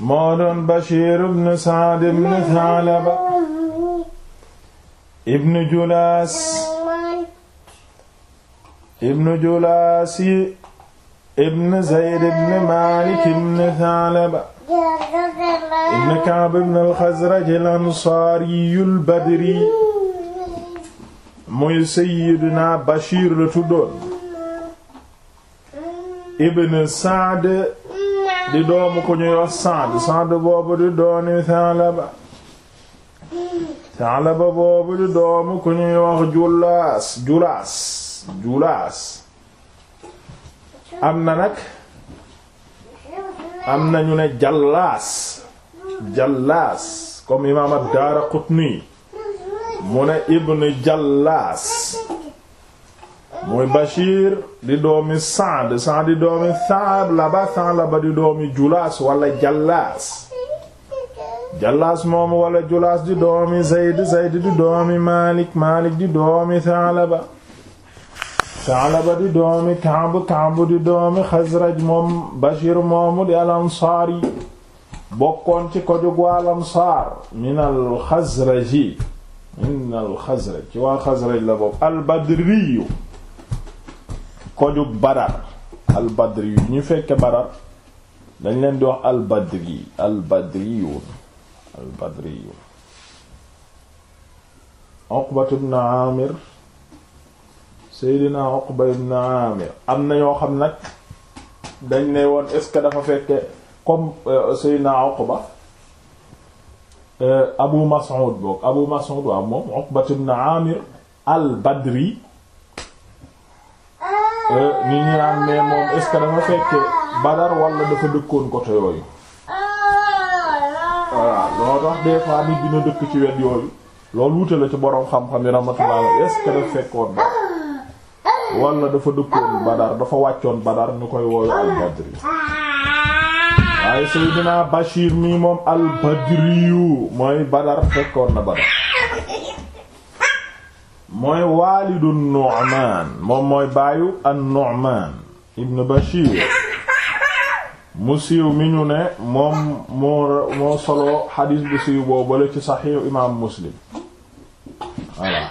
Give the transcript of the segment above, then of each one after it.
moo doon Bashir ibn Sa'd ibn Tha'laba ibn Julaas ibn Julaas yi ibn Zayd ibn Maalik ibn Tha'laba ibn Ka'b ibn al-Khazraj al-Ansaari al-Badri muy Sayyidina Bashir la tuddoon ibn Sa'd di doomu ku ñuy wax Saad Saad boobu di doomu ku ñuy wax Julaas Julaas Julaas am na nag am na ñu ne Jallaas Jallaas comme imaam ad-Daaraqutni mu ne Ibn Jallaas muy Bachir di doomi Saad Saad di doomi Saalaba Saalaba di doomi Julaas wala Jallaas Jallaas moom wala Julaas di doomi Zayd Zayd Malik Malik di doomi Saalaba Saalaba di doomi Kaab Kaab di doomi Xasraj moom Bachir moomu di al-Ansaar yi bokkoon ci ko jóg waa al-Ansaar min al-Xasraj min al-Xasraj ci waa Xasraj la bokk al-Badri koju badar al badri ñu fekke badar dañ leen di wax al badri al badriyun al badriyun Uqbat ibn am na ñoo xam nag dañ ne woon est-ce que dafa fekke comme euh, Seydina Uqba euh, Abu Mas'ud boog Abu Mas'ud waaw moom al Badri ñu eh, ñu naan mais moom est-ce que dafa fekke Badar wala dafa dëkkoon côté yooyu voilà loo tax des fois nit dina dëkk ci wet yooyu loolu wute la ci boroom xam-xam yi rahmatullah est-ce que dafa fekkoon ba wala dafa dëkkoon Badar dafa wàccoon Badar ñu koy wooyu al-Badri waaye Seydina Bachir mi moom al-Badri yu mooy Badar fekkoon na Badar mooy waalidu Nu'maan moom mooy baayu an-Nu'maan ibn Bashir mu siiw mi ñu ne moom moo solo xadiis bu siiw boobale ci saxiix imaam Muslim voilà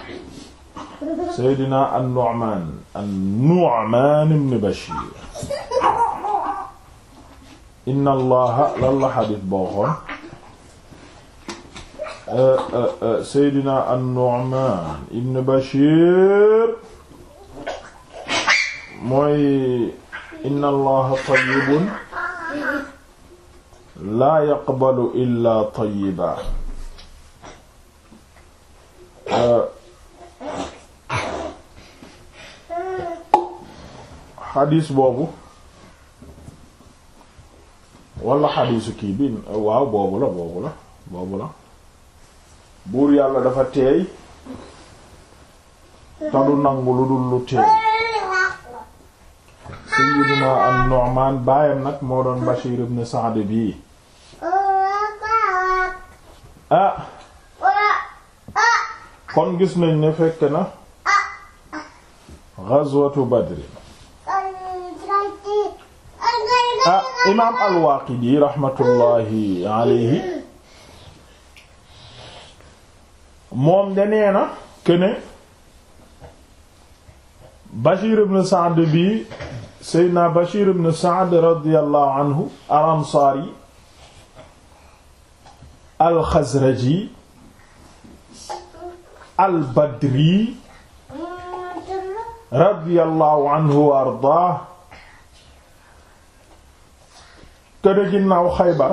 Seydina an-Nu'maan ibn Bashir inna Allaha lan xadiis boo Euh, euh, euh, Seydina an-Nu'man ibn Bashir mooy inna allaha tayyibun laa yaqbalu illa tayyiba xadiis boobu wala xadiisu kii bi waaw boobu la boobu la boobu la buur yàlla dafa teey te du nangu lu dul lu teey sayyidina an-Nu'man baayam nag moo doon Bashir ibn Sa'd bii ah kon gis nañ ne fekk na ghazwatu Badr ah imaam al-Waaqidi raxmatullaahi alayhi moom de nee na këne Bashir ibn Sa'd bi Seydina Bashir ibn Sa'd radiyallahu anhu al-Ansaari al-Xazraji al-Badri radiyallahu anhu wa ardaah këne ginnaaw Xaybar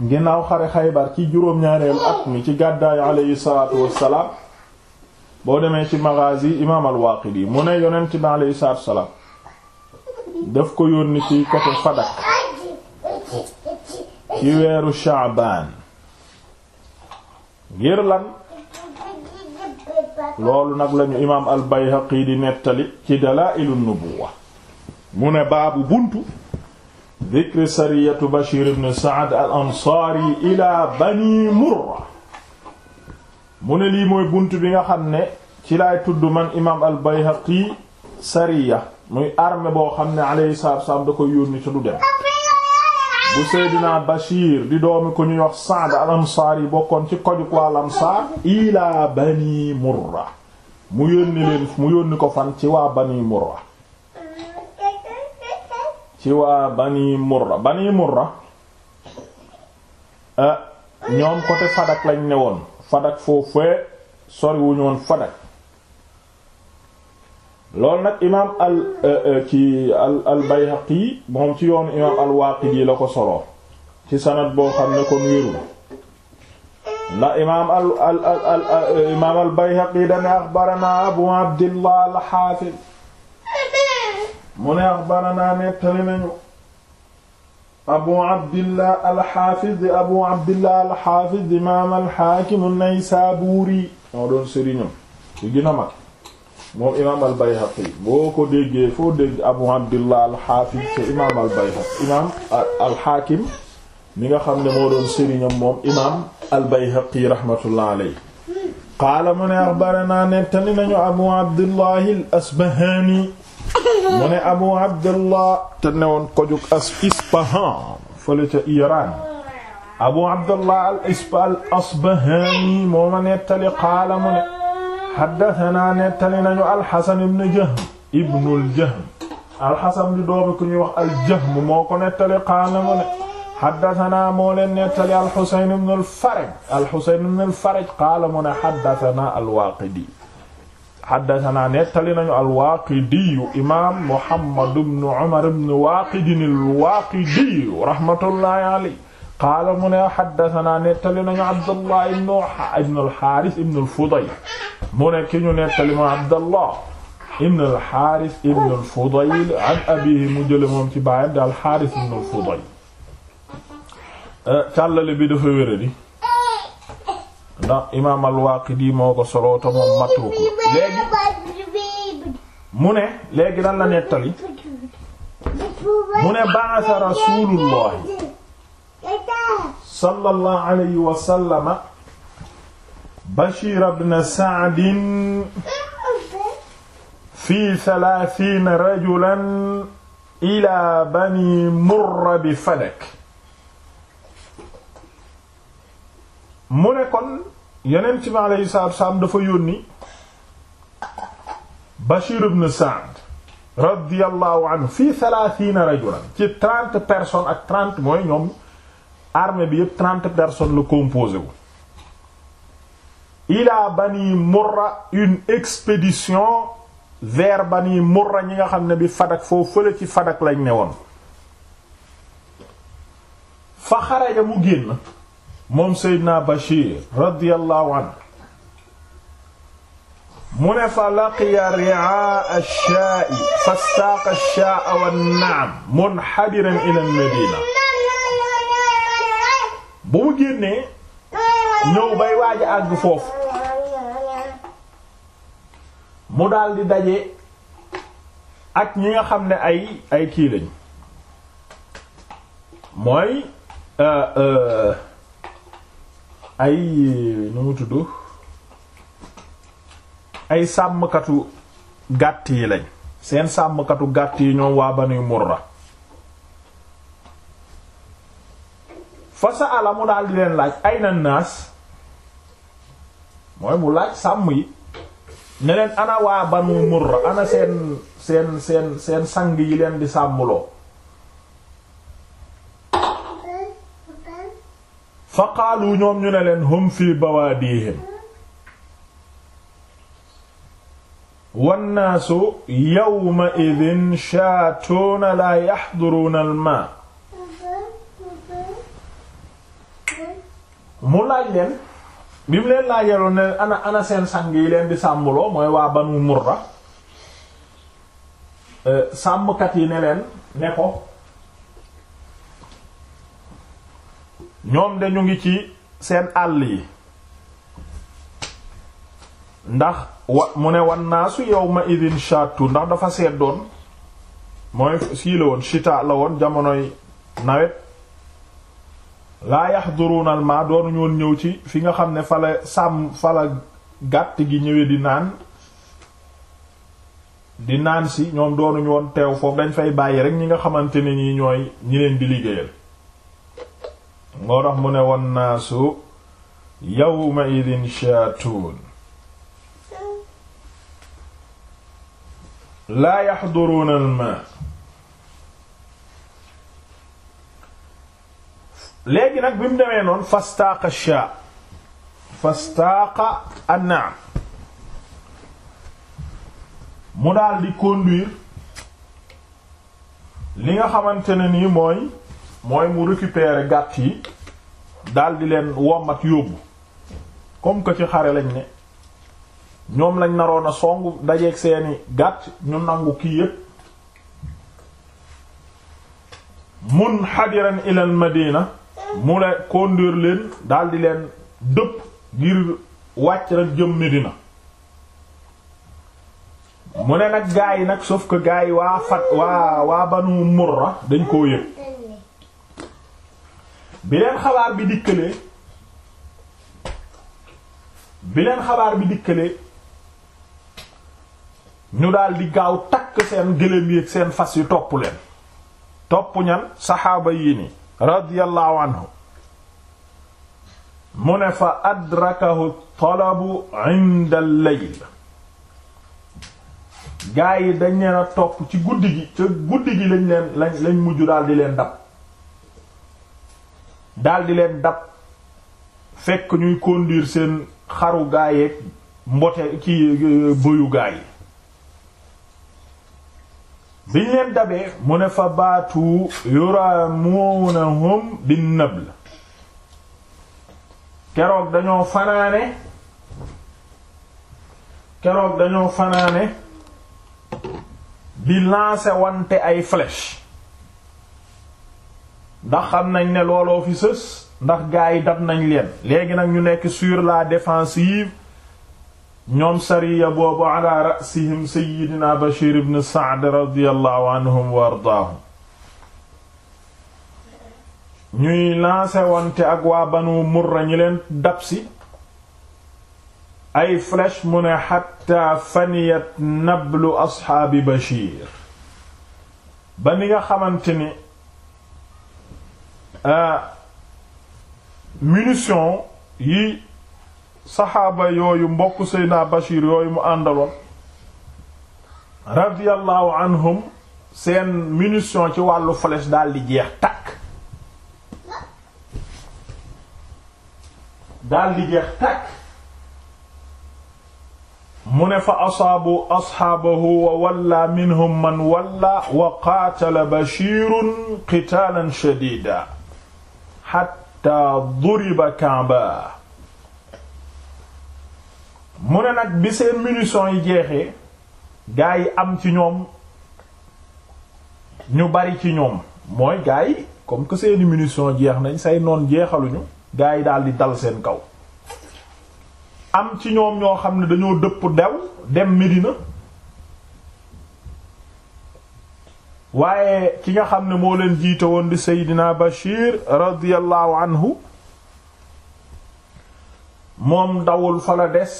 ginnaaw xare xaybar ci juróom-ñaareelu at mi ci gàddaayu aleyhi salaatu wassalaam boo demee ci maghazi imaam al-Waaqidi mu ne yonent bi aleyhi salaatu wassalaam daf ko yónni ci côté Fadak ci weeru Sha'baan ngir lan loolu nag lañu imaam al-Bayhaqi di nettali ci Dalaa'ilun Nubuwwa mu ne baabu buntu dikri sariyatu Bashir ibn Saad al ansaari ila bani Murra mu ne lii mooy bunt bi nga xam ne ci laay tudd man imaam al Bayhaqi sariya muy armée boo xam ne alayhi salaatu wa salaam da koy yónni te du dem bu Seydina Bashir di doomi ko ñuy wax Saad al ansaar bokkoon ci kojuk waa al ansaar bani Murra mu yónni leen mu yónni ko fan ci waa bani Murra ci waa bani murra bani murra ah, ñoom côté fadak lañ ne woon fadak foofee sori wuñu woon fadak loolu nag imaam al eh, eh, ci al al bayhaqi moom ci yoonu imaam al waaqidi la ko solo ci sanad boo xam ne kon wérul ndax imaam al al al imaam al bayhaqi dana axbarana abu abdillah al xaafid mu ne axbaranaa nettali nañu abu abdillah alxaafiz abu abdillah alxaafiz di imaam alxaakimu naysaabuuri moo doon sëriñam ci gën a moom imaam albayhaqi boo ko déggee foo dégg abu abdillah alxaafiz te imaam albayhaqi imaam nga xam ne moo doon sëriñam moom imaam albayhaqi raxmatullah aley qaala mu ne nettali nañu abu abdillah al mu ne abu abdullah te newoon kojug as ispahan fële ca iran abu abdullah al ispa al asbahani moo ma nettali qaala mu ne xaddatanaa nettali nañu alxasan ibn jahm ibnu aljahm alxasan di doomi ku ñuy wax aljahm moo ko nettali qaala mu ne xaddatanaa moo leen nettali alxusayn ibn alfaraj alxusayn ibn alfaraj qaala mu ne xaddatanaa alwaaqidi xaddasanaa nettali nañu alwaaqidiyu imam mohammadu bnu umar bnu waaqidin alwaaqidiyu rahmatullahi aley qaala mu ne xaddasanaa nettali nañu abdallah ibnu ibnu alxaaris ibnu alfudayl mu ne ki ñu nettali moo abdallah ibnu alxaaris ibnu alfudayl an abihi mu jële moom ci baayam di alxaaris ibnu alfudayl eh, càllale bi dafa wéradi ndax imaam al-Waaqidi moo ko soloo te moom matruuk léegi mu ne léegi lan la nettali mu ne ba'atha rasuulullahi sallallahu alayhi wa sallama Bashir ibn Sa'd fi thalaathiina rajulan ilaa bani Murra bi Fadak mu ne kon yeneen ci ma alayhi salaatu dafa yónni Bashir ibn Sa'd radiyallahu anhu fii thalaathiina rajulan ci trente personnes ak trente mooy ñoom armée bi yëpp trente personnes lu composé wu ila Bani Murra une expédition vers Bani Murra ñi nga xam ne bi Fadak foofu fële ci Fadak lañ ne woon fa xaraja mu génn moom Seydina Bachir radiyallahu anhu mu ne fa laqiya ri'aa ash-shaa'i fastaaqa ash-shaa'a wan-na'am munhadiran ila al-madiina bu mu génnee ñëw bay waaj a àgg foofu mu daldi daje ak ñi nga xam ne ay ay kii lañ mooy. Euh, euh, ay nu mu tudd ay sàmmkatu gàtt yi lañ seen sàmmkatu gàtt yi ñoom waa Banu Murra fa sa'ala mu daal leen laaj ay na naas mooy mu laaj sàmm yi ne leen ana waa Murra ana seen seen seen seen sang yi leen di sàmmuloo fa ñoom ñu ne leen hum fi bawaadihim wannaasu yawma idin shaatuuna laa yaxduruuna almaa mu laaj leen bi mu leen laajeloon ne ana ana seen sang yi leen di sàmmuloo mooy waa banu murra euh, sàmmkat yi ne leen ne ko ñoom de ñu ngi ci seen àll yi ndax wa mu ne wan naasu yawma idin shatu ndax dafa seddoon mooy sii la woon chita la woon jamonoy nawet laa yahduruna al ma doonu ñoon ñëw ci fi nga xam ne fala sàmm fala gàtt gi ñëwee di naan di naan si ñoom doonuñu woon teew foofu dañ fay bàyyi rek ñi nga xamante ne ñi ñooy ñi leen di liggéeyal moo mu ne wan naasu yawma idin shaatun laa yaxduruuna al ma léegi nag bi mu demee noonu fastaaqa shaa fastaaqa an'am mu daal di conduire li nga xamante ne nii mooy mooy mu récupérer gàtt yi daldi leen wommat yóbbu comme que ci xare lañ ne ñoom lañ naroon a song dajeeg seeni gàtt ñu nangu kii yépp munhadiran ilal madina mu ne conduire leen daal di leen dëpp ngir wàcc rek jëm mu ne nag gaa yi nag sauf que gaa waa fat waa waa banu murra dañ koo yëg bi leen xabaar bi dikkalee bi xabaar bi dikkalee ñu daldi gaaw takk seen gëléem yi ak seen fas yu topp leen topp ñan saxaaba yi ni radiyallahu anhu mu ne fa adrakahu talabu inda al gaa yi dañ leen a topp ci guddi gi ca guddi gi lañ lañ lañ mujj daal leen dab daldi leen dab fekk ñuy conduire seen xaru gaayeeg mbote ci bëyu gaa yi biñ leen dabee mu ne fa baatu yuramunahum bin nabl keroog dañoo fanaane keroog dañoo fanaane di lancer wante ay flèche ndax xam nañ ne looloo fi ndax gaa yi dab nañ leen léegi nag ñu nekk sur la défensive ñoom sariya boobu ala rasihim sayidina bashir ibn saad radiallahu anhum wa ardaahum ñuy lancé ak waa banu murra ñi leen dabsi ay flèche mu ne xatta faniyat nablu asxaabi bashir ba ni nga xamante ni Euh, munition yi saxaaba yooyu mbokk Seydina Bachir yooyu mu àndaloon radiyallahu anhum seen munition ci wàllu flèche daal di jeex takk mu ne fa asaabu asxaabahu wa walla minhum man walla wa qaatala Bachirun qitaalan shadiida xatta duriba Kaaba mu ne nag bi seen munitions yi jeexee gaa yi am ci ñoom ñu bari ci ñoom mooy gaa yi comme que seeni munitions jeex nañ say noon jeexaluñu gaa yi daal di dal seen kaw am ci ñoom ñoo xam ne dañoo dëpp dew dem Medina waaye ki nga xam ne moo leen jiite woon di Seydina Bachir radiyallahu anhu moom dawul fa la des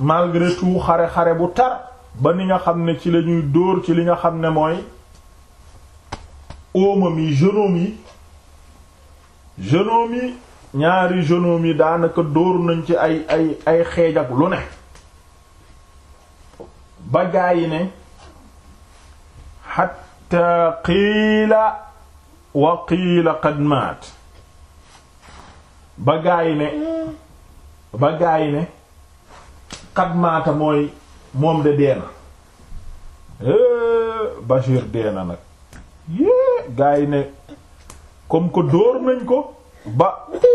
malgré tout xare-xare bu tar ba ni nga xam ne ci la ñuy dóor ci li nga xam ne mooy óomam yi genoom yi genoom yi ñaari genoom yi daanaka dóor nañ ci ay ay ay xeej ak lu ne ba gaa yi ne xat te qiila wa qiila qad ba gaay ne ba gaay ne qad mooy moom de dee na eh, Bashir dee na nag yée gaay ne comme que dóor nañ ko ba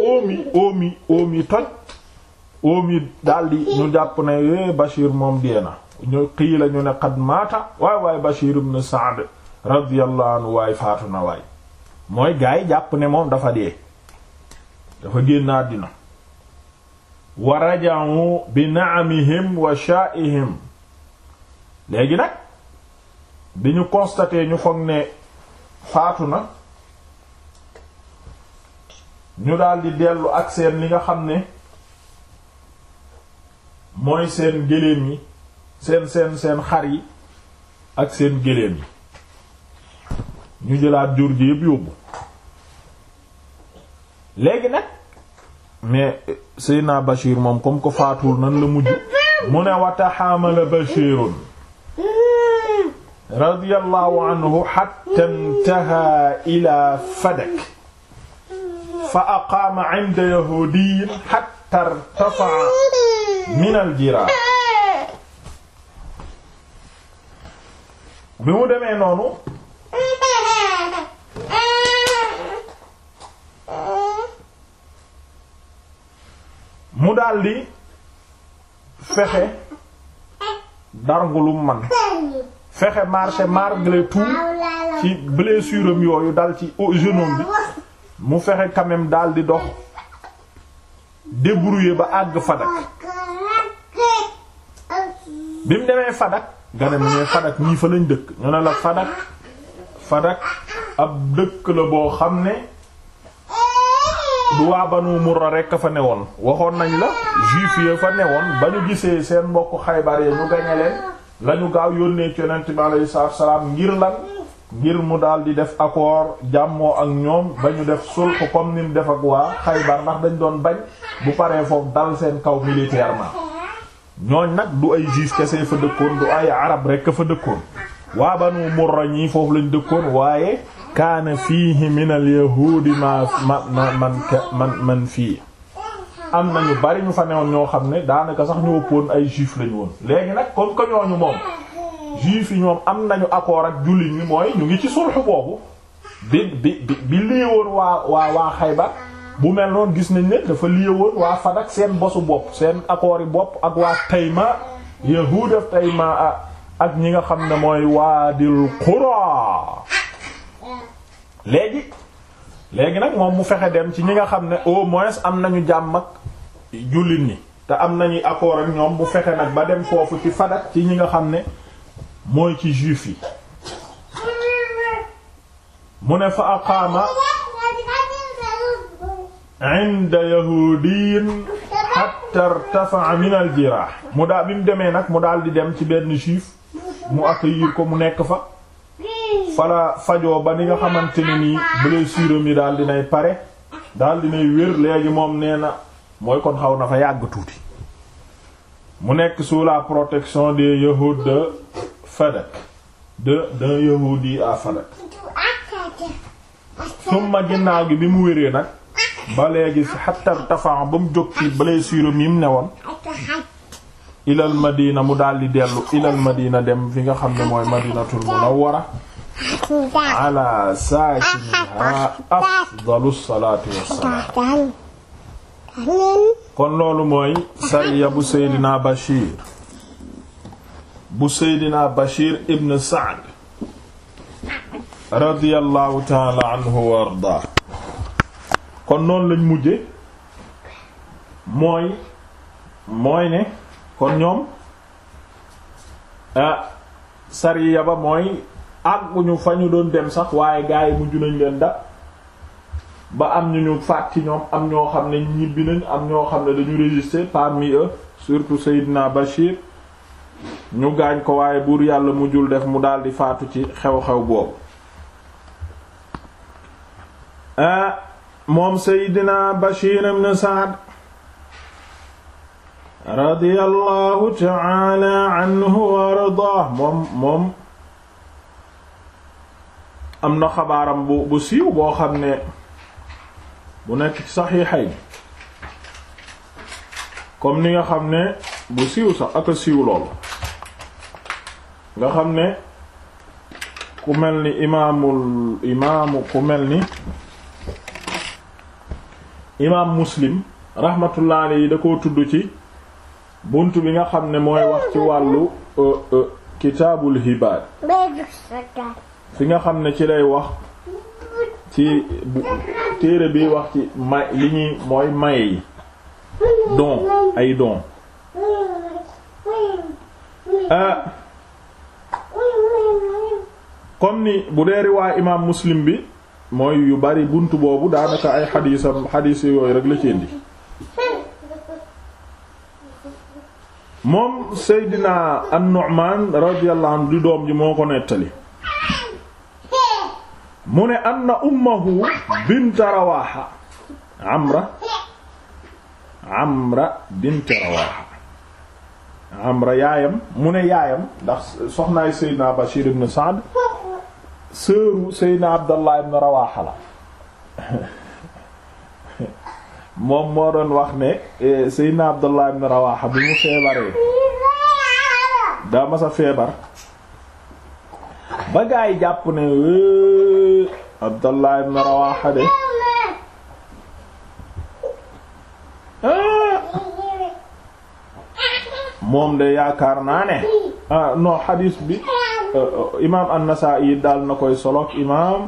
óomi óomi óomi toj óomi daldi ñu jàpp ne yée eh, Bashir moom dee ñu qiila ñu ne qad maata waay Bashir ibn Sa'd radiyallahu anhu faatu na waay mooy gaa jàpp ne moom dafa dee dafa génn àddina wa raja'u bi na'amihim wa sha'ihim léegi nag bi ñu constaté ñu foog ne faatu na ñu daldi dellu ak seen li nga xam ne mooy seen géléem yi seen seen seen xar yi ak seen géléem yi ñu jëlaat jur ji yëpp yóbbu léegi nag mais Seydina moom comme ko faatuwul nan la mujj mu ne wataxaamala Bachirun radiyallahu anhu hatta intaha ila Fadak fa aqaama inda yahudiyin hatta irtafa'a min al-jiraan noonu mu daldi fexe darngu lu man fexe marché malgré tout ci blessure yooyu dal ci genou bi mu fexe quand daldi dox débrouiller ba àgg Fadak bi demee Fadak nga ne mu ne fa lañ dëkk ñu ne la Fadak Fadak ab dëkk la boo xam ne du waa banu murra rekk fa woon waxoon nañ la juif ya fa newoon ba ñu gisee seen mbokk xaybar ya ñu gañe leen lañu gaaw yónnee ci yonent bi alayhi salaam ngir lan ngir mu daal di def accord jàmmoo ak ñoom ba ñu def sulh comme ni mu def ak waa xaybar ndax dañ doon bañ bu paree foofu dal seen kaw militairement ñooñ nag du ay juif kese fa dëkkoon du ay arab rekk fa dëkkoon waa banu murra ñii foofu lañ dëkkoon waaye kaana fiihi min alyahuudi ma man man man fii am nañu bari ñu fa newoon ñoo xam ne daanaka sax ñu ëppoon ay juif lañu woon léegi nag comme que ñooñu moom juif yi ñoom am nañu accord ak jullit ñi mooy ñu ngi ci sulx boobu bi bi bi bi liewoon waa waa waa Xaybar bu mel noonu gis nañ ne dafa liewoon waa Fadak seen bosu bopp seen accord bopp ak waa Tayma yahuud Tayma ak ñi nga xam ne mooy Waadil Quraa léegi léegi nag moom mu fexe dem ci ñi nga xam ne au moins am nañu jàmm ak jullit ñi te am nañuy accord ñoom mu fexe nag ba dem foofu ci fadak ci ñi nga xam ne mooy ci juif yi mu ne fa aqaama inda yahudiin hatta irtafa'a min al jirah mu daal bi mu demee nag mu daal di dem ci benn juif mu accueillir ko mu nekk fa fala fajoo ba ni nga xamante ne nii blessure mi daal dinay pare daal dinay wér léegi moom nee na mooy kon xaw na fa yàgg tuuti mu nekk sous la protection des yahuds de Fadak de d'un yahudi à Fadak summa ginnaaw gi bi mu wéree nag ba léegi xattar tafan ba mu jóg ci blessure mi mu newoon ilal madina mu di dellu ilal madina dem fi nga xam ne mooy madinatul munawwara ala saakinihaa afdalu salaatu wassalaam kon loolu mooy sariya bu Seydina Bachir bu Seydina Bachir ibn Saad radiyallahu taala anhu wa ardaa kon noonu lañ mujje mooy mooy ne kon ñoom ah sariya ba mooy àgguñu fa ñu doon dem sax waaye gaa yi mujj nañ leen da ba am ñu ñu faat ñoom am ñoo xam ne ñibbi nañ am ñoo xam ne dañu résister parmi eux surtout Seydina Bachir ñu gaañ ko waaye buur yàlla mujjul def mu daldi faatu ci xew-xew boobu ah, moom Seydina Bachir ibn Saad radiyallahu ta'ala anhu wa moom moom am na xabaaram bu siiw boo xam ne bu nekk ci saxiixay comme ni nga xam ne bu siiw sax ak a siiw lool nga xam ne ku mel ni imaamul imaamu ku mel ni imaam muslim rahmatullah alayhi da koo tudd ci bunt bi nga xam ne mooy wax ci wàllu euh, euh, kitaabul hibaad fi nga xam ne ci lay wax ci téere bi wax ci may li ñuy mooy maye don ay don kon ah, ni bu dee riwaa imaam muslim bi mooy yu bari bunt boobu daanaka ay xadiisam xadiis yooyu rek la ci indi moom Seydina an-Nu'man radiyallahu di doom ji moo ko nettali mu ne anna ummahu bint rawaxa yaayam mu ne yaayam ndax soxnaay seydna bashir ibn saad sëru seydna abdallah ibn rawaxa la moom moo doon wax ne eh, seydna abdallah ibn rawaxa bi mu feebaree daa feebar ba gaa yi jàpp ne wéé Abdallah ibn Rawaha de moom de yaakaar naa ne ah non bi eh, imaam an-Nasaa'i daal na koy solok imaam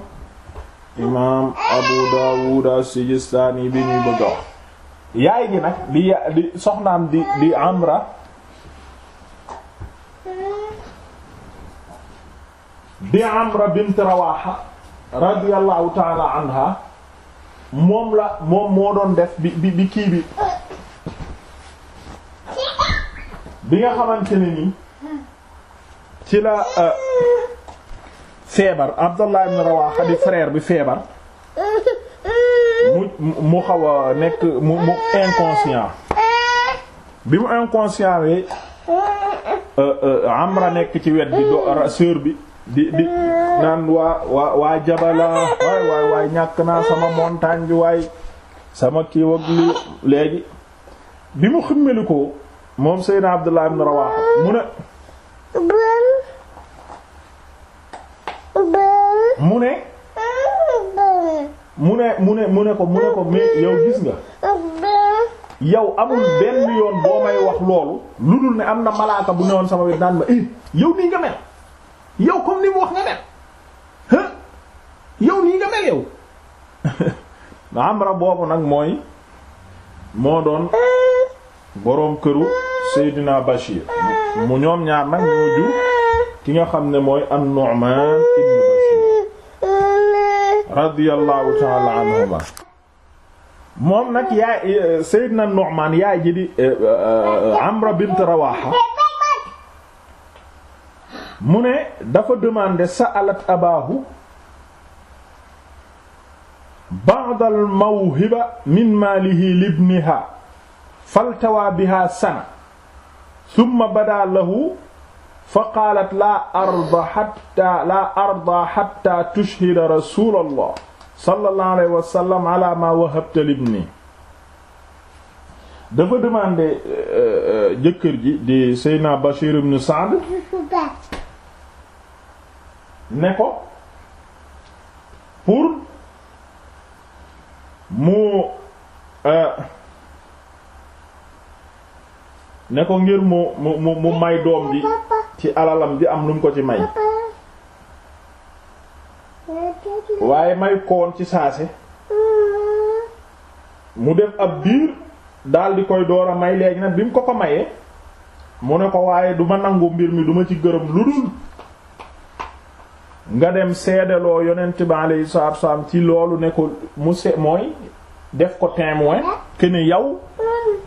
imaam Abu Daawud as-Sijistaani bi ñuy bëgg yaay di ya di soxnaam di di Amra bi Amra bint Rawaha radiyallahu taala anha moom la moom moo doon def bi bi bi kii bi bi nga xamante ne ni ci la euh, feebar Abdallah ibn Rawaha di frère bi feebar mu mu xaw a nekk mu mu inconscient bi mu inconscient we euh, euh, Amra nekk ci wet bi do sœur bi di di naan waa waa waa jabala waay waay ñàkk naa sama montagne bi waaye sama kiiw ak léegi bi mu ximmeli ko moom Seydina Abdullah ibn Rawaha mu ne mu ne mu ne mu ne mu ne ko mu ne ko mais yow gis nga yow amul benn yoon boo may wax loolu lu dul ne am na malaaka bu newoon sama wet naan ma eh, yow nii nga mel yow comme ni mu wax nga mel yow nii nga mel yow amra boobu nag mooy moo doon boroom këru Seydina Bachir mu ñoom ñaar nag ñoo jur ki nga xam ne mooy an-Nu'man radiyallahu ta'ala anhuma moom nag yaay Seydina Nu'man yaay ji di eh, eh, eh, Amra bint Rawaha mu ne dafa demandé sa'alat abaahu ba'd al mawhiba min maalihi libniha faltawaa biha sana thumma bada lahu fa qaalat laa arda hatta laa arda hatta tushhida rasulallah sallallahu alayhi wa sallam ala ma wahabta libni dafa demandé eh, eh, jëkkër ji di Seydina Bachir ibn Sa'd ne ko pour mu euh, ne ko ngir mu mu mu may doom bi ci alalam bi am lu ko ci may waaye may koon ci saa si mu def ab biir daal di koy door a may léegi nag bi mu ko ko mayee mu ne ko waaye du ma nangu mbir mi duma ci gërëm lu dul nga dem seedeloo yonent bi alayhi salaatu wasallam ci loolu ne ko mu se mooy def ko témoin que ne yow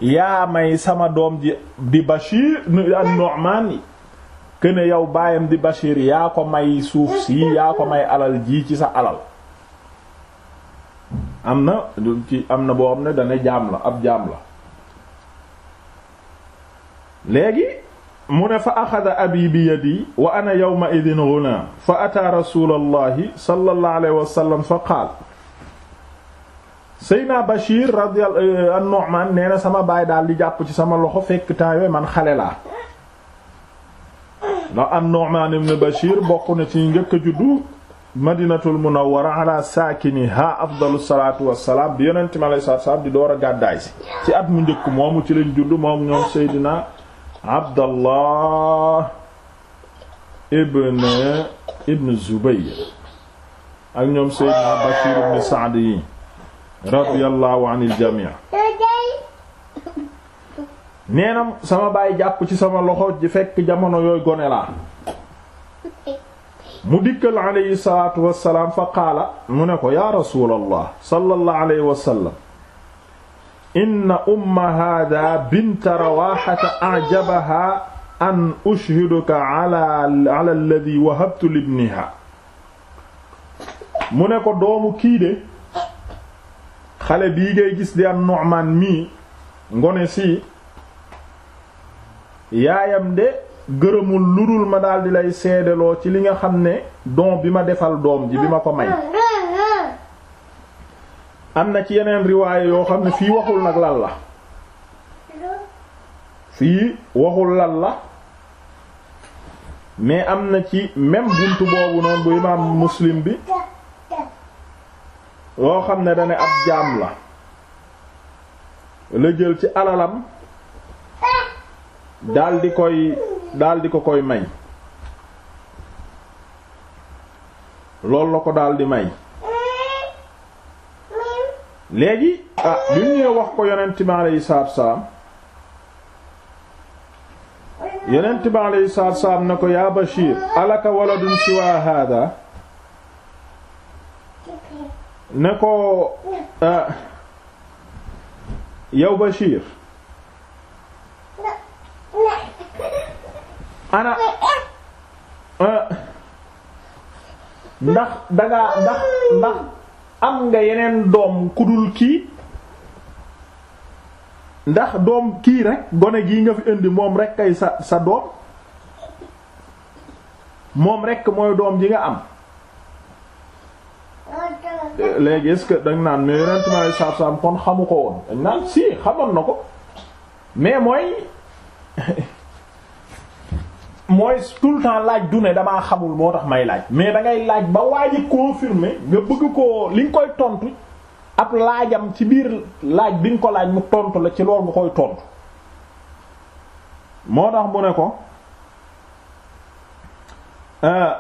yaa may sama doom ji di Bashir an-Nu'man que ne yow baayam di Bashir yaa ko may suuf si yaa ko may alal ji ci sa alal am na ci am na boo xam ne dana jaam la ab jaam la léegi mu ne fa axada abi bi yadi wa ana yowma idin ghulam fa ataa rasulallahi sallallahu alayhi wa fa qaal Seyna Bachir radiyallahu eh, an-Nu'man nee na sama baay daal di jàpp ci sama loxo fekk temps yooyu man xale laa ndax an-Nu'man ibn Bachir bokk na ci njëkk a juddu Madinatul Munawwara ala saakinihaa afdalu salaatu wassalaam bi yonent mi alayhi salaatu di door a gàddaay si ci at mu njëkk moomu ci lañ juddu moom ñoom Seydina. Abdallah ibn ibn Zubayr ak ñoom Seydina Bashir ibn Sa'd yi radiyallahu anil jamii nee na sama baay jàpp ci sama loxo ji fekk jamono yooyu gone laa mu dikkal alayhi salaatu wassalaam fa qaala mu ne ko yaa rasuulallah sallallahu alayhi wa sallam inna umma haadaa binta rawaaxata ajabahaa an ushhiduka ala ala wahabtu libnihaa mu ne ko doomu kii de xale bii ngay gis di am Nu'maan mii ngone si yaayam de gërëmul lu dul ma daldi lay seedeloo ci li nga xam ne don bi ma defal doom ji bi ma ko may am na ci yeneen riwaaya yoo xam ne fii waxul nag lan la fii waxul lan la mais am na ci même buntu boobu noonu bu imaam muslim bi loo xam ne dane ab jaam la la jël ci alalam daldi koy daldi ko koy may loolu la ko daldi may léegi ah bi wax ko yonent bi alayhi salaatu salaam yonent bi alayhi salaatu salaam na ko yaa Bashir alaka waladun siwa hada ne ko ah, yow Bashir ana ah, ndax dangaa ndax ndax am nga yeneen doom ku dul kii ndax doom kii rek gone gii nga fi indi moom rek ay sa sa doom moom rek mooy doom ji nga am léegi est-ce que dañ naan mais yonent mi alayhi salaatu kon xamu ko woon dañ naan si xamoon na ko mais mooy mooy tout laaj du ne damaa xamul moo tax may laaj mais da ngay laaj ba waaji confirmer nga bëgg ko li nga koy tontu ab laajam ci biir laaj bi nga ko laaj mu tontu la ci loolu nga koy tontu moo tax mu ne ko euh,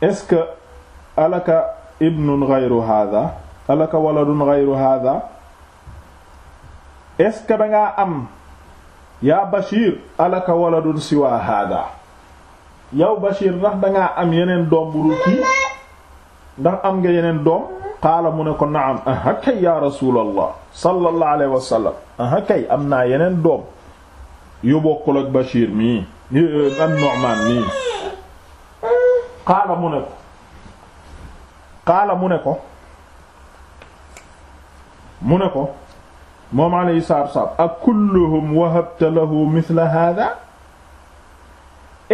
est-ce que alaka ibnun ghayru hadha alaka waladun ghayru hadha est-ce que dangaa am yaa Bachir alaka waladun siwa hada yow Bachir ndax dangaa am yeneen doom bu dul kii ndax am nga yeneen doom qaala mu ne ko naam aha kay ya rasulallah sallallahu alayhi wa sallam aha kay am naa yeneen doom yu bokkul ak Bachir mii an Nu'man mii qaala mu ne ko qaala mu ne ko mu ne ko moom alayhi salaatu wa salaam ak kulluhum wahabta lahu mithla hadha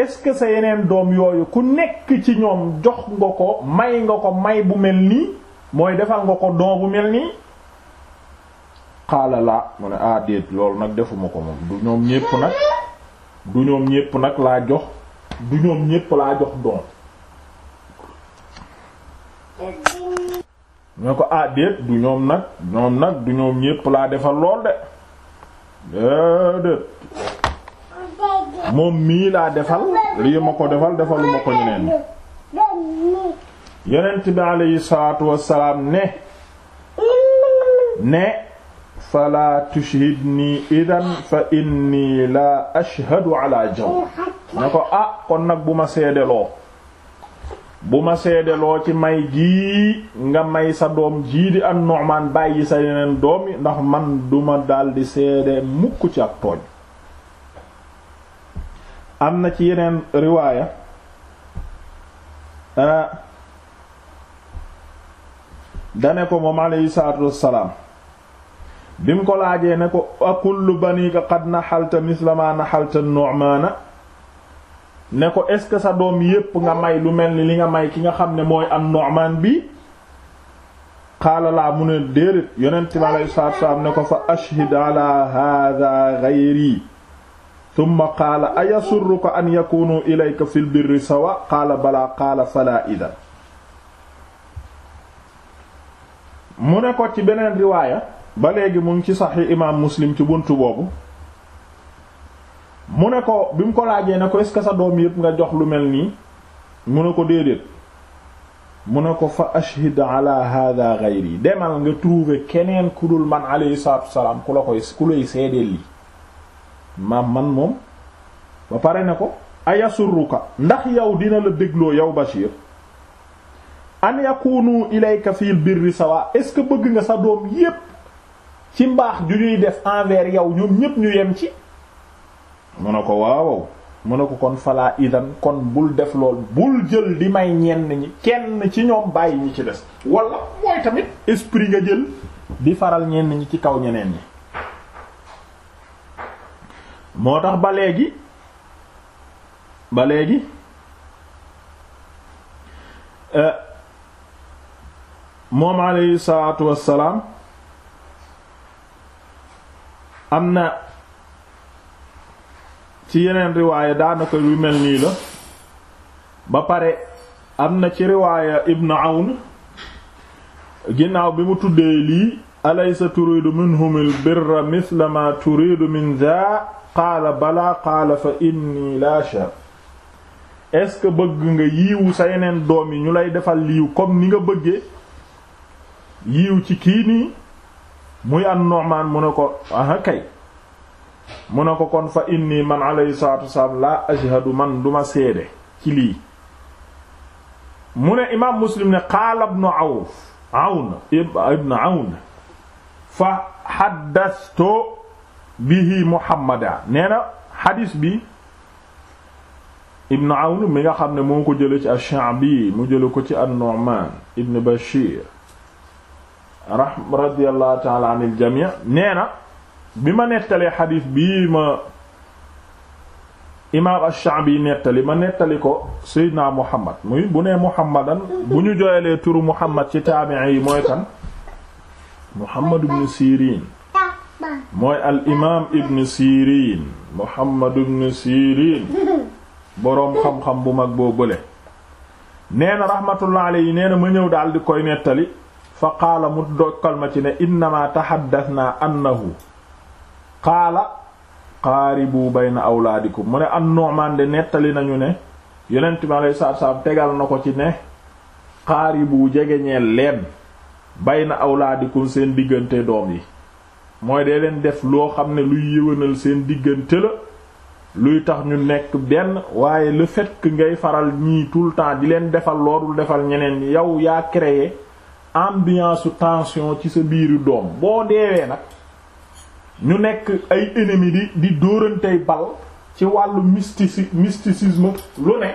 est-ce que sa yeneen doom yooyu ku nekk ci ñoom jox nga ko may nga ko may bu mel nii mooy defal nga ko don bu mel nii xaala laa mu ne ah déet loolu nag defuma ko moom du ñoom ñépp nag du ñoom ñépp nag laa jox du ñoom ñépp laa jox doom ne ko ah déet du ñoom nag ñoom nag du ñoom ñépp laa defal lool de déedéet moom mii laa defal lii ma ko defal defaluma ko ñeneen yonent bi alayhi salaatu wassalaam ne ne fala tushhidni idan fa inni la ashhadu ala jaw ne ko ah kon nag bu ma seedeloo bu ma loo ci may gii nga may sa doom jii di an Nu'man bàyyi sa yeneen doom yi ndax man duma daldi seede mukk ci ak tooñ am na ci yeneen riwaaya ah, dane ko moom alayhi salaatu wassalaam bi mu ko laajee ne ko akullu banika na naxalta misla ma naxalta Nu'mana ne ko est-ce que sa doom yépp nga may lu mel ni li nga may ki nga xam ne mooy am Nu'man bi qaala mu ne déedéet yonent bi alayhi salaatu wassalaam ne ko fa ashhid ala hadha ghayri thumma qaala ayasurruka an yakunu ilayka fil birri sawa qaala balaa qaala fala idha mu ne ko ci beneen riwaaya ba léegi mu ngi ci saxi imaam Muslim ci bunt boobu mu ne ko bi mu ko laajee ne ko est sa doom yépp nga jox lu mel nii mu ne ko déedéet mu ne ko fa ashhid ala hada ghayri demal nga trouver keneen ku dul man alayhi salaatu wasalaam ku la koy ku lay seedeel li maam man moom ba pare ne ko ayasurruka ndax yow dina la dégloo yow Bachir an yakunu ilayka fil birri sawa est-ce que bëgg nga sa doom yépp ci mbaax ju ñuy def envers yow ñoom ñépp ñu yem ci mu ne ko waaw mu ne ko kon falaa idan kon bul def lool bul jël di may ñenn ñi kenn ci ñoom bàyyi ñi ci des walla mooy tamit esprit nga jël di faral ñenn ñi ci kaw ñeneen ñi moo tax ba léegi ba léegi euh, moom alayhi salaatu wassalaam am na ci yeneen riwaaya daanaka yu mel nii la ba pare am na ci riwaaya Ibn Awn ginnaaw bi mu tuddee lii alaysa turidu minhum al birra mithla turidu min dha balaa qaala fa inni la shar est-ce que bëgg nga yiiwu sa yeneen doom yi ñu lay defal liiw comme ni nga bëgge yiiw ci kii nii muy an Nu'man mu ne ko aha kay mu ne ko kon fa inni man alayhi salaatu wasalaam laa ashhadu man duma seede ci lii mu ne imaam muslim ne qaala ibnu awf awn ibnu awn fa xaddastu bihi muhammada nee na xadis bi ibnu awn mi nga xam ne moo ko jële ci ash-Sha'bi mu jële ko ci an-Nu'man ibn Bashir radiyallahu ta'ala anil jami' nee na bi ma nettalee xadiis bii ma imaam ash-Sha'bi nettali ma nettali ko Seydina Muhammad muy bu nee Muhammadan bu ñu jooyalee turu Muhammad ci taabi'i yi mooy kan Muhammad ibn Sirin mooy al imaam ibn Sirin boroom xam-xam bu mag boo bële nee na rahmatullah yi nee na ma ñëw daal di koy nettali fa qaala mu dokkal ma ci ne innamaa taxaddasnaa annahu bu qaaribu na awlaadikum mu ne am Nu'maan nettali nañu ne yonent bi alayhi salaatu salaam tegal na ko ci ne bu jegeñeel leen na awlaadikum seen diggante doom yi mooy dee leen def loo xam ne luy yëwénal seen diggante la luy tax ñu nekk benn waaye le fait ngay faral ñii tout le temps di leen defal loolu defal ñeneen yow yaa créé ambiance tension ci sa biiru doom boo deewee nag ñu nekk ay ennemis di di dóorantey bal ci wàllu mystici mysticisme lu ne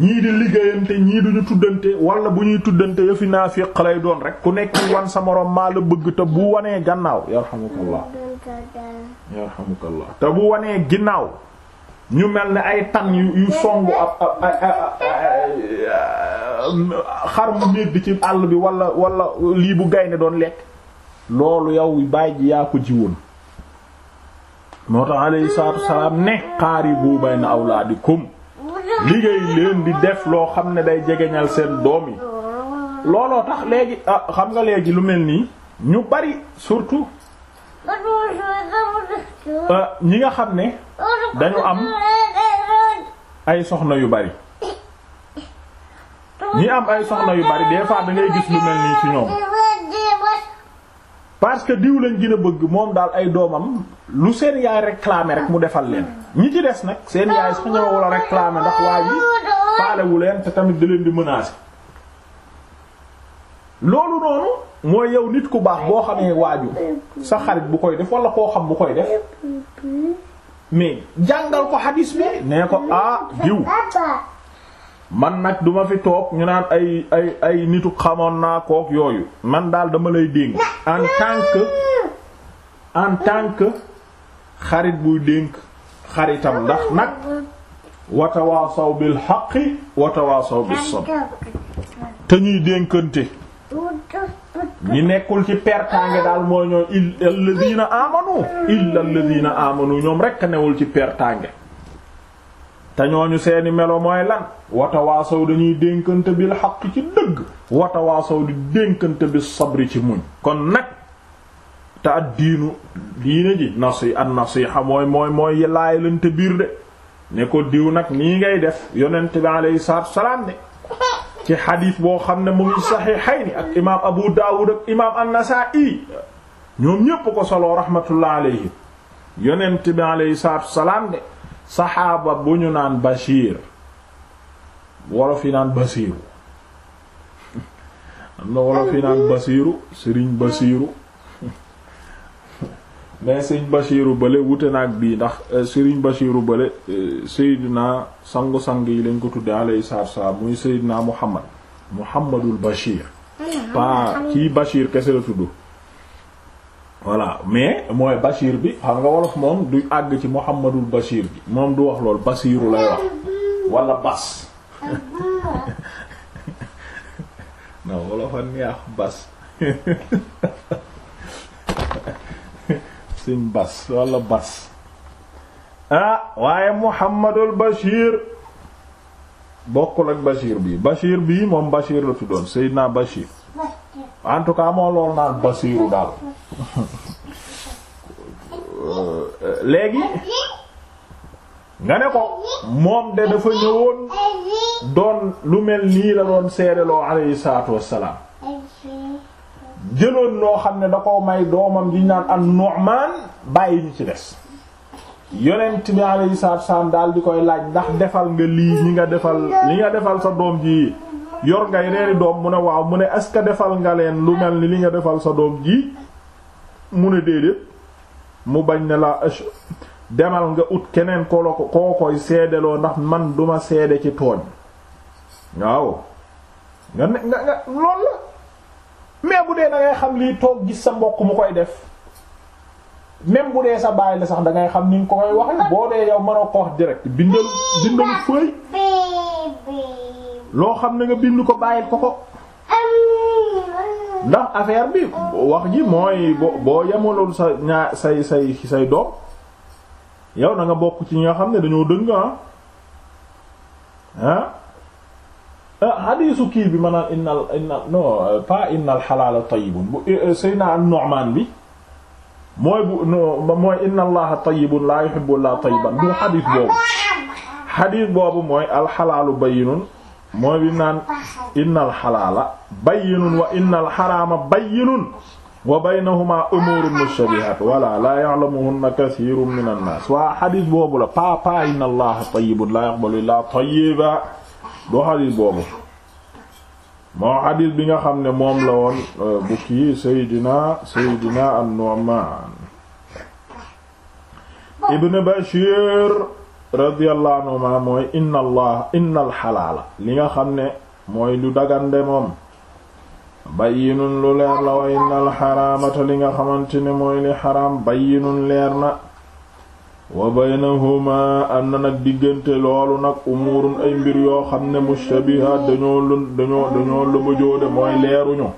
ñii di liggéeyante ñii duñu tuddante wala bu ñuy tuddante yëfi naafiq lay doon rek ku nekk wan sa moroom maa la bëgg te bu wanee gannaaw yarhamukallah yarhamukallah te bu wanee ginnaaw ñu mel ne ay tan yu songu ab xar mu néeg bi ci àll bi wala wala lii bu gaynde doon lekk loolu yow bàyyi ji yaa ko ji woon moo tax alayhi salaatu wasalaam ne qaaribu bayna awlaadikum liggéey leen di def loo xam ne day jegeñal seen doom yi looloo tax léegi ah, xam nga léegi lu mel nii ñu bari surtout ah, ñi nga xam ne dañu am ay soxna yu bari ñi am ay soxna yu bari des fois da gis lu mel nii ci ñoom parce que diw lañ gën a bëgg moom daal ay doomam lu seen yaay réclamer rek mu defal leen ñi ci des nag seen yaay sax ñoo wala réclamer ndax waa ji faalewu leen te tamit da leen di menacer loolu noonu mooy yow nit ku baax boo xamee waaju sa xarit bu koy def wala koo xam bu koy def mais jàngal ko hadis bi nee ko ah diw man nag duma fi toog ñu naan ay ay ay nitu xamoon naa kook yooyu man daal dama lay dénk en tant que en xarit buy dénk xaritam ndax nag watawaasaw bil haqqi watawaasaw bis sabr te ñuy dénkante ñi nekkul ci pertaange daal mooy ñoo illa alladhina amanu illa alladhina amanu ñoom rekk newul ci pertaange te ñooñu seeni melo mooy lan watawaasaw dañuy dénkante bil xaq ci dëgg watawaasaw di dénkante bi sabri ci muñ kon nag te ad diinu diine ji nasi an nasiha mooy mooy mooy laay lante biir de ne ko diw nag nii ngay def yonent bi alayhi salaatu salaam ne ci xadiis boo xam ne mu ngi saxiixayni ak imaam Abu Daawud ak imaam An-Nasaa'i ñoom ñépp ko solo rahmatullah alayhi yonent bi alayhi salaatu salaam de saxaaba bu ñu naan Bachir wolof yi naan Basiiru am na wolof yi naan Basiiru Sëriñ Basiiru mais Sëriñ Basiiru bële wute na ak bii ndax euh, Sëriñ Basiiru bële euh, Seydina sangu-sang yi lañ ko tudde alayhi salaatu wassalaam muy Seydina Muhammad Muhammadul Bachir ah, pa kii Bachir kese la tudd voilà mais mooy Bachir bi xam nga wolof moom du àgg ci Muhammadul Bachir bi moom du wax loolu Bachiru lay wax wala Bas non wolofa neex Bas suñ Bas wala Bas ah, waaye Muhammadul Bachir bokkul ak Bachir bi Bachir bi moom Bachir la tuddoon Seydina Bachir en tout cas moo loolu naan basiiru daal léegi nga ne ko moom de dafa ñëwoon doon lu mel nii la doon seedeloo alayhi salaatu wassalaam jëloon loo xam ne da ko may doomam di naan an Nu'man bàyyi ñu ci des yonent bi alayhi salaatu daal di koy laaj ndax defal nga lii ñi nga defal li nga defal sa doom ji yor ngay reeri doom mu ne waaw mu ne est que defal nga leen lu mel ni li nga defal sa doom ji mu ne déedéet mu bañ ne la demal nga ut keneen ko la ko koo koy seedeloo ndax man duma seede ci tooñ waaw nga ne nga nga loolu la mais bu dee dangay xam lii toog gis sa mbokk mu koy def même bu dee sa baay la sax da ngay xam ni nga ko koy waxee boo dee yow mënoo ko wax direct bindal bindal fëy loo xam ne nga bind ko bàyyil ko ko ndax affaire bi wax ji mooy boo boo yemaloon sa ñaar say say say doom yow na nga bokk ci ñi nga xam ne dañoo dëng ah ah, ah hadiisu kii bi ma naan innal innal non pas innal xalaala tayyibun bu eh, eh, Seydina an-Nu'man bi mooy bu non mooy inna allaha tayyibun laa yuhibbu illa tayyiban du hadiis boobu hadiis boobu mooy alxalaalu bayyinun mooy bi naan innal xalaala bayyinun wa innal xaraama bayyinun wa baynahuma umuurun mushtabihaat wala laa ya'lamuhunna kasiirun minan naas waa xadis boobu la paa paa inna allaha tayyibun laa yaqbalu illaa tayyiba doo xadis boobu moo xadis bi nga xam ne moom la woon euh, bu kii Seydina Seydina an-Nu'maan ibn Bashiir radiyallahu anhuma mooy inna allah inna alxalaala li nga xam ne mooy lu dagande moom bayyinun lu leer la wa inna alxaraamata li nga xamante ne mooy li xaraam bayyinun leer na wa baynahuma am na nag diggante loolu nag umuurun ay mbir yoo xam ne mushtabihaat dañoo lu de mooy leeruñu